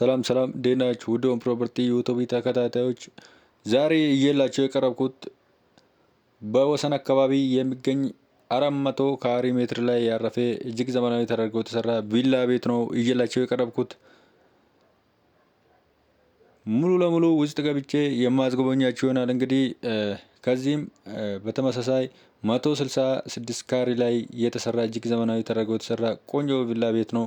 ሰላም ሰላም ዴናች ውድን ፕሮፐርቲ ዩቱብ ተከታታዮች ዛሬ እየላቸው የቀረብኩት በወሰን አካባቢ የሚገኝ አራት መቶ ካሪ ሜትር ላይ ያረፈ እጅግ ዘመናዊ ተደርጎ የተሰራ ቪላ ቤት ነው እየላቸው የቀረብኩት። ሙሉ ለሙሉ ውስጥ ገብቼ የማስጎበኛችሁ ይሆናል። እንግዲህ ከዚህም በተመሳሳይ መቶ ስልሳ ስድስት ካሪ ላይ የተሰራ እጅግ ዘመናዊ ተደርጎ የተሰራ ቆንጆ ቪላ ቤት ነው።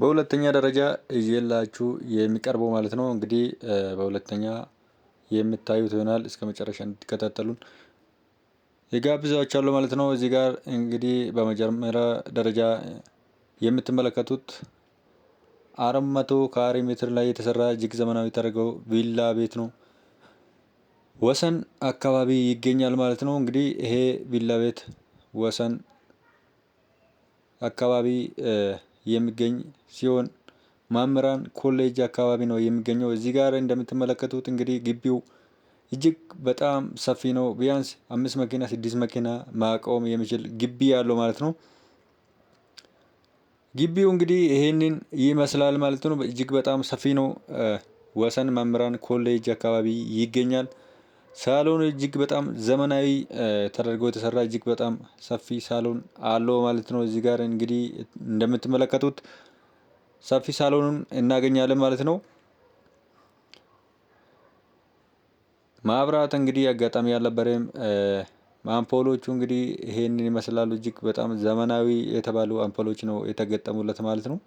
በሁለተኛ ደረጃ እየላችሁ የሚቀርበው ማለት ነው እንግዲህ በሁለተኛ የምታዩት ይሆናል። እስከ መጨረሻ እንዲከታተሉን የጋብዛችኋለሁ ማለት ነው። እዚህ ጋር እንግዲህ በመጀመሪያ ደረጃ የምትመለከቱት አራት መቶ ካሬ ሜትር ላይ የተሰራ እጅግ ዘመናዊ ተደርገው ቪላ ቤት ነው። ወሰን አካባቢ ይገኛል ማለት ነው። እንግዲህ ይሄ ቪላ ቤት ወሰን አካባቢ የሚገኝ ሲሆን መምህራን ኮሌጅ አካባቢ ነው የሚገኘው። እዚህ ጋር እንደምትመለከቱት እንግዲህ ግቢው እጅግ በጣም ሰፊ ነው። ቢያንስ አምስት መኪና ስድስት መኪና ማቆም የሚችል ግቢ ያለው ማለት ነው። ግቢው እንግዲህ ይህንን ይመስላል ማለት ነው። እጅግ በጣም ሰፊ ነው። ወሰን መምህራን ኮሌጅ አካባቢ ይገኛል። ሳሎን እጅግ በጣም ዘመናዊ ተደርጎ የተሰራ እጅግ በጣም ሰፊ ሳሎን አለው ማለት ነው። እዚህ ጋር እንግዲህ እንደምትመለከቱት ሰፊ ሳሎኑን እናገኛለን ማለት ነው። ማብራት እንግዲህ አጋጣሚ አልነበረም። አምፖሎቹ እንግዲህ ይሄንን ይመስላሉ። እጅግ በጣም ዘመናዊ የተባሉ አምፖሎች ነው የተገጠሙለት ማለት ነው።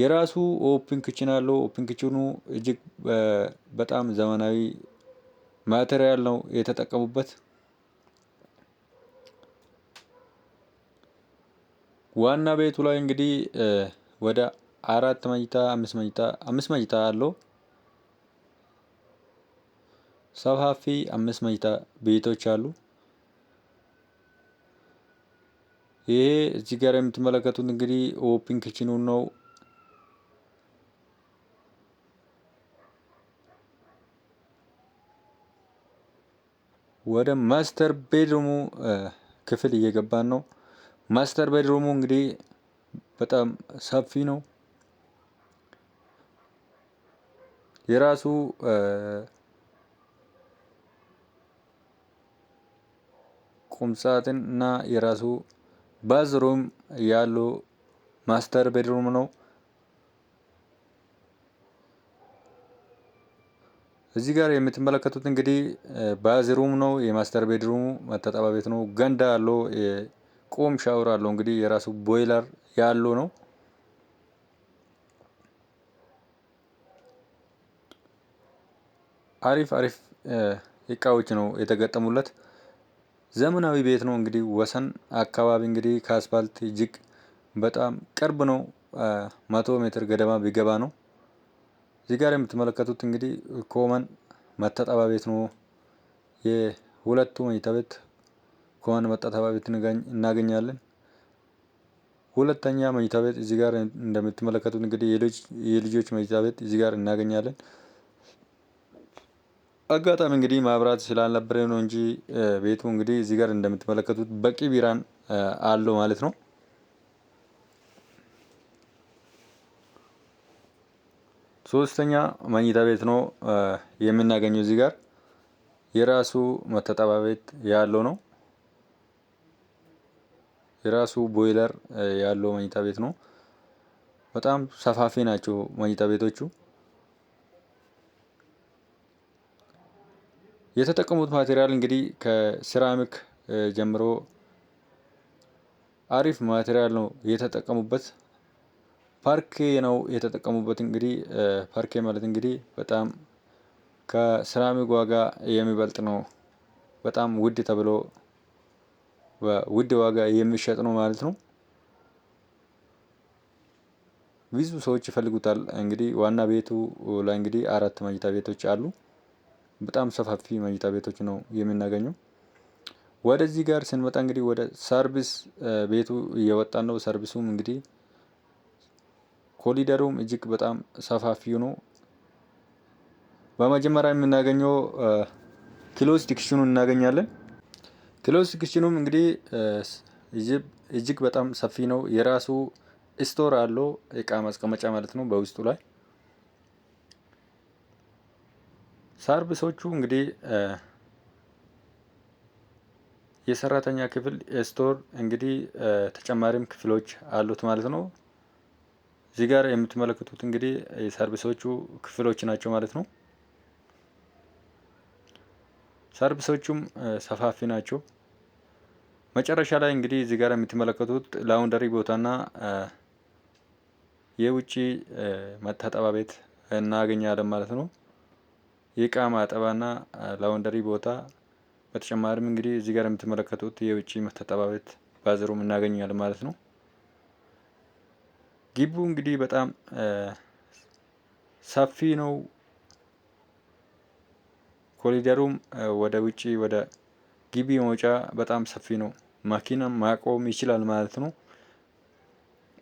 የራሱ ኦፕን ክችን አለው። ኦፕን ክችኑ እጅግ በጣም ዘመናዊ ማቴሪያል ነው የተጠቀሙበት። ዋና ቤቱ ላይ እንግዲህ ወደ አራት መኝታ አምስት መኝታ አምስት መኝታ አለው። ሰፋፊ አምስት መኝታ ቤቶች አሉ። ይሄ እዚህ ጋር የምትመለከቱት እንግዲህ ኦፕን ክችኑ ነው። ወደ ማስተር ቤድሩሙ ክፍል እየገባን ነው። ማስተር ቤድሩሙ እንግዲህ በጣም ሰፊ ነው። የራሱ ቁምሳጥን እና የራሱ ባዝሩም ያለው ማስተር ቤድሩም ነው። እዚህ ጋር የምትመለከቱት እንግዲህ ባዝሩም ነው፣ የማስተር ቤድሩሙ መታጠቢያ ቤት ነው። ገንዳ አለው፣ ቁም ሻወር አለው። እንግዲህ የራሱ ቦይለር ያለው ነው። አሪፍ አሪፍ እቃዎች ነው የተገጠሙለት። ዘመናዊ ቤት ነው እንግዲህ ወሰን አካባቢ እንግዲህ ከአስፋልት እጅግ በጣም ቅርብ ነው። መቶ ሜትር ገደማ ቢገባ ነው። እዚህ ጋር የምትመለከቱት እንግዲህ ኮመን መታጠቢያ ቤት ነው። የሁለቱ መኝታ ቤት ኮመን መታጠቢያ ቤት እናገኛለን። ሁለተኛ መኝታ ቤት እዚህ ጋር እንደምትመለከቱት እንግዲህ የልጆች መኝታ ቤት እዚህ ጋር እናገኛለን። አጋጣሚ እንግዲህ ማብራት ስላልነበረ ነው እንጂ ቤቱ እንግዲህ እዚህ ጋር እንደምትመለከቱት በቂ ቢራን አለው ማለት ነው። ሶስተኛ መኝታ ቤት ነው የምናገኘው። እዚህ ጋር የራሱ መታጠቢያ ቤት ያለው ነው። የራሱ ቦይለር ያለው መኝታ ቤት ነው። በጣም ሰፋፊ ናቸው መኝታ ቤቶቹ። የተጠቀሙት ማቴሪያል እንግዲህ ከሴራሚክ ጀምሮ አሪፍ ማቴሪያል ነው የተጠቀሙበት። ፓርኬ ነው የተጠቀሙበት። እንግዲህ ፓርኬ ማለት እንግዲህ በጣም ከሴራሚክ ዋጋ የሚበልጥ ነው። በጣም ውድ ተብሎ በውድ ዋጋ የሚሸጥ ነው ማለት ነው። ብዙ ሰዎች ይፈልጉታል። እንግዲህ ዋና ቤቱ ላይ እንግዲህ አራት መኝታ ቤቶች አሉ። በጣም ሰፋፊ መኝታ ቤቶች ነው የምናገኘው። ወደዚህ ጋር ስንመጣ እንግዲህ ወደ ሰርቪስ ቤቱ እየወጣን ነው። ሰርቪሱም እንግዲህ ኮሊደሩም እጅግ በጣም ሰፋፊ ነው። በመጀመሪያ የምናገኘው ክሎዝ ዲክሽኑ እናገኛለን። ክሎዝ ዲክሽኑም እንግዲህ እጅግ በጣም ሰፊ ነው። የራሱ ስቶር አለው እቃ ማስቀመጫ ማለት ነው በውስጡ ላይ ሰርቪሶቹ እንግዲህ የሰራተኛ ክፍል ስቶር እንግዲህ ተጨማሪም ክፍሎች አሉት ማለት ነው። እዚህ ጋር የምትመለከቱት እንግዲህ የሰርቪሶቹ ክፍሎች ናቸው ማለት ነው። ሰርቪሶቹም ሰፋፊ ናቸው። መጨረሻ ላይ እንግዲህ እዚህ ጋር የምትመለከቱት ላውንደሪ ቦታና የውጭ መታጠባ ቤት እናገኛለን ማለት ነው። የእቃ ማጠባና ላውንደሪ ቦታ በተጨማሪም እንግዲህ እዚህ ጋር የምትመለከቱት የውጭ መታጠባ ቤት ባዝሩም እናገኛለን ማለት ነው። ግቢው እንግዲህ በጣም ሰፊ ነው። ኮሪደሩም ወደ ውጭ ወደ ግቢ መውጫ በጣም ሰፊ ነው። መኪናም ማቆም ይችላል ማለት ነው።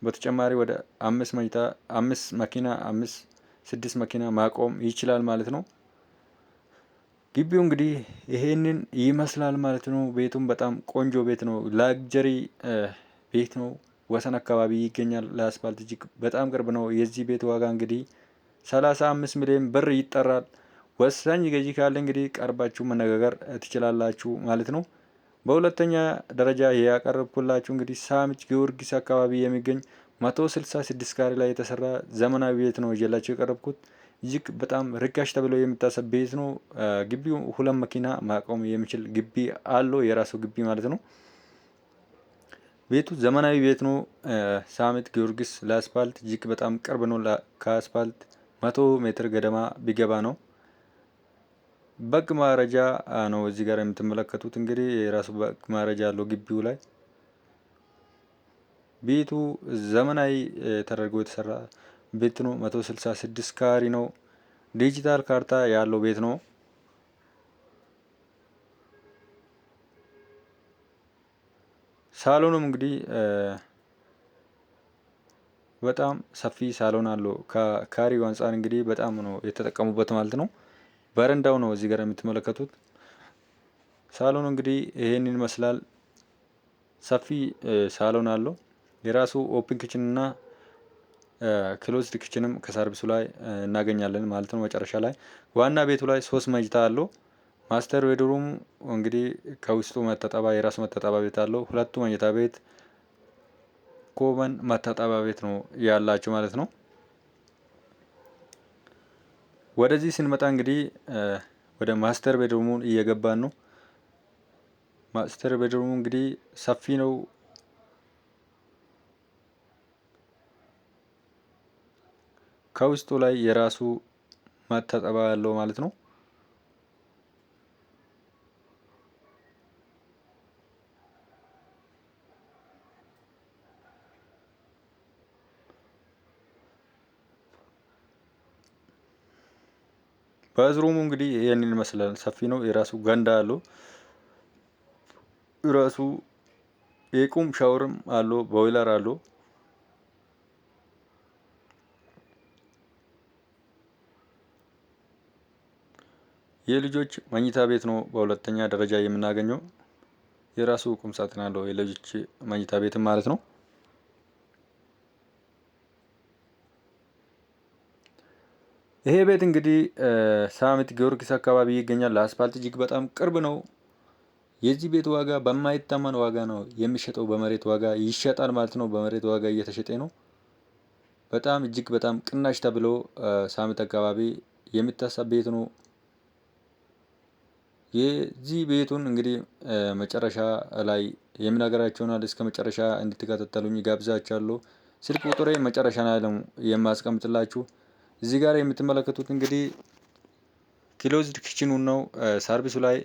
በተጨማሪ ወደ አምስት መኝታ አምስት መኪና አምስት ስድስት መኪና ማቆም ይችላል ማለት ነው። ግቢው እንግዲህ ይሄንን ይመስላል ማለት ነው። ቤቱም በጣም ቆንጆ ቤት ነው። ላግጀሪ ቤት ነው። ወሰን አካባቢ ይገኛል። ለአስፋልት እጅግ በጣም ቅርብ ነው። የዚህ ቤት ዋጋ እንግዲህ 35 ሚሊዮን ብር ይጠራል። ወሳኝ ገዢ ካለ እንግዲህ ቀርባችሁ መነጋገር ትችላላችሁ ማለት ነው። በሁለተኛ ደረጃ ያቀረብኩላችሁ እንግዲህ ሳምጭ ጊዮርጊስ አካባቢ የሚገኝ 166 ካሬ ላይ የተሰራ ዘመናዊ ቤት ነው ይዤላችሁ የቀረብኩት። እጅግ በጣም ርካሽ ተብሎ የሚታሰብ ቤት ነው። ግቢው ሁለት መኪና ማቆም የሚችል ግቢ አለው፣ የራሱ ግቢ ማለት ነው። ቤቱ ዘመናዊ ቤት ነው። ሳሚት ጊዮርጊስ ለአስፋልት እጅግ በጣም ቅርብ ነው። ከአስፋልት መቶ ሜትር ገደማ ቢገባ ነው። በግ ማረጃ ነው እዚህ ጋር የምትመለከቱት እንግዲህ የራሱ በግ ማረጃ አለው ግቢው ላይ። ቤቱ ዘመናዊ ተደርጎ የተሰራ ቤት ነው። መቶ ስልሳ ስድስት ካሪ ነው። ዲጂታል ካርታ ያለው ቤት ነው። ሳሎኑም እንግዲህ በጣም ሰፊ ሳሎን አለው። ከካሪ አንጻር እንግዲህ በጣም ነው የተጠቀሙበት ማለት ነው። በረንዳው ነው እዚህ ጋር የምትመለከቱት። ሳሎኑ እንግዲህ ይሄን ይመስላል። ሰፊ ሳሎን አለው። የራሱ ኦፕን ኪችን እና ክሎዝድ ኪችንም ከሰርቪሱ ላይ እናገኛለን ማለት ነው። መጨረሻ ላይ ዋና ቤቱ ላይ ሶስት መጅታ አለው። ማስተር ቤድሩም እንግዲህ ከውስጡ መታጠባ የራሱ መታጠባ ቤት አለው። ሁለቱ መኝታ ቤት ኮመን መታጠባ ቤት ነው ያላችሁ ማለት ነው። ወደዚህ ስንመጣ እንግዲህ ወደ ማስተር ቤድሩሙ እየገባን ነው። ማስተር ቤድሩሙ እንግዲህ ሰፊ ነው። ከውስጡ ላይ የራሱ መታጠባ ያለው ማለት ነው። ባዝሩሙ እንግዲህ ይህንን ይመስላል። ሰፊ ነው። የራሱ ገንዳ አለው። ራሱ የቁም ሻወርም አለው። ቦይለር አለው። የልጆች መኝታ ቤት ነው በሁለተኛ ደረጃ የምናገኘው። የራሱ ቁም ሳጥን አለው የልጆች መኝታ ቤትም ማለት ነው። ይሄ ቤት እንግዲህ ሳሚት ጊዮርጊስ አካባቢ ይገኛል። ለአስፓልት እጅግ በጣም ቅርብ ነው። የዚህ ቤት ዋጋ በማይታመን ዋጋ ነው የሚሸጠው። በመሬት ዋጋ ይሸጣል ማለት ነው። በመሬት ዋጋ እየተሸጠ ነው። በጣም እጅግ በጣም ቅናሽ ተብሎ ሳሚት አካባቢ የሚታሰብ ቤት ነው። የዚህ ቤቱን እንግዲህ መጨረሻ ላይ የምናገራቸውናል። እስከ መጨረሻ እንድትከታተሉኝ ጋብዛችኋለሁ። ስልክ ቁጥሬ መጨረሻ ላይ የማስቀምጥላችሁ። እዚህ ጋር የምትመለከቱት እንግዲህ ክሎዝድ ኪችኑ ነው። ሰርቪሱ ላይ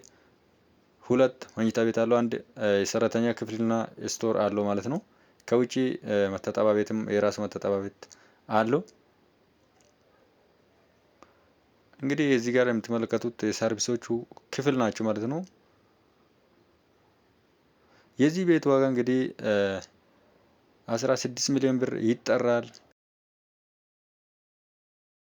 ሁለት መኝታ ቤት አለው፣ አንድ የሰራተኛ ክፍልና ስቶር አለው ማለት ነው። ከውጭ መታጠቢያ ቤትም የራሱ መታጠቢያ ቤት አለው። እንግዲህ እዚህ ጋር የምትመለከቱት የሰርቪሶቹ ክፍል ናቸው ማለት ነው። የዚህ ቤት ዋጋ እንግዲህ 16 ሚሊዮን ብር ይጠራል።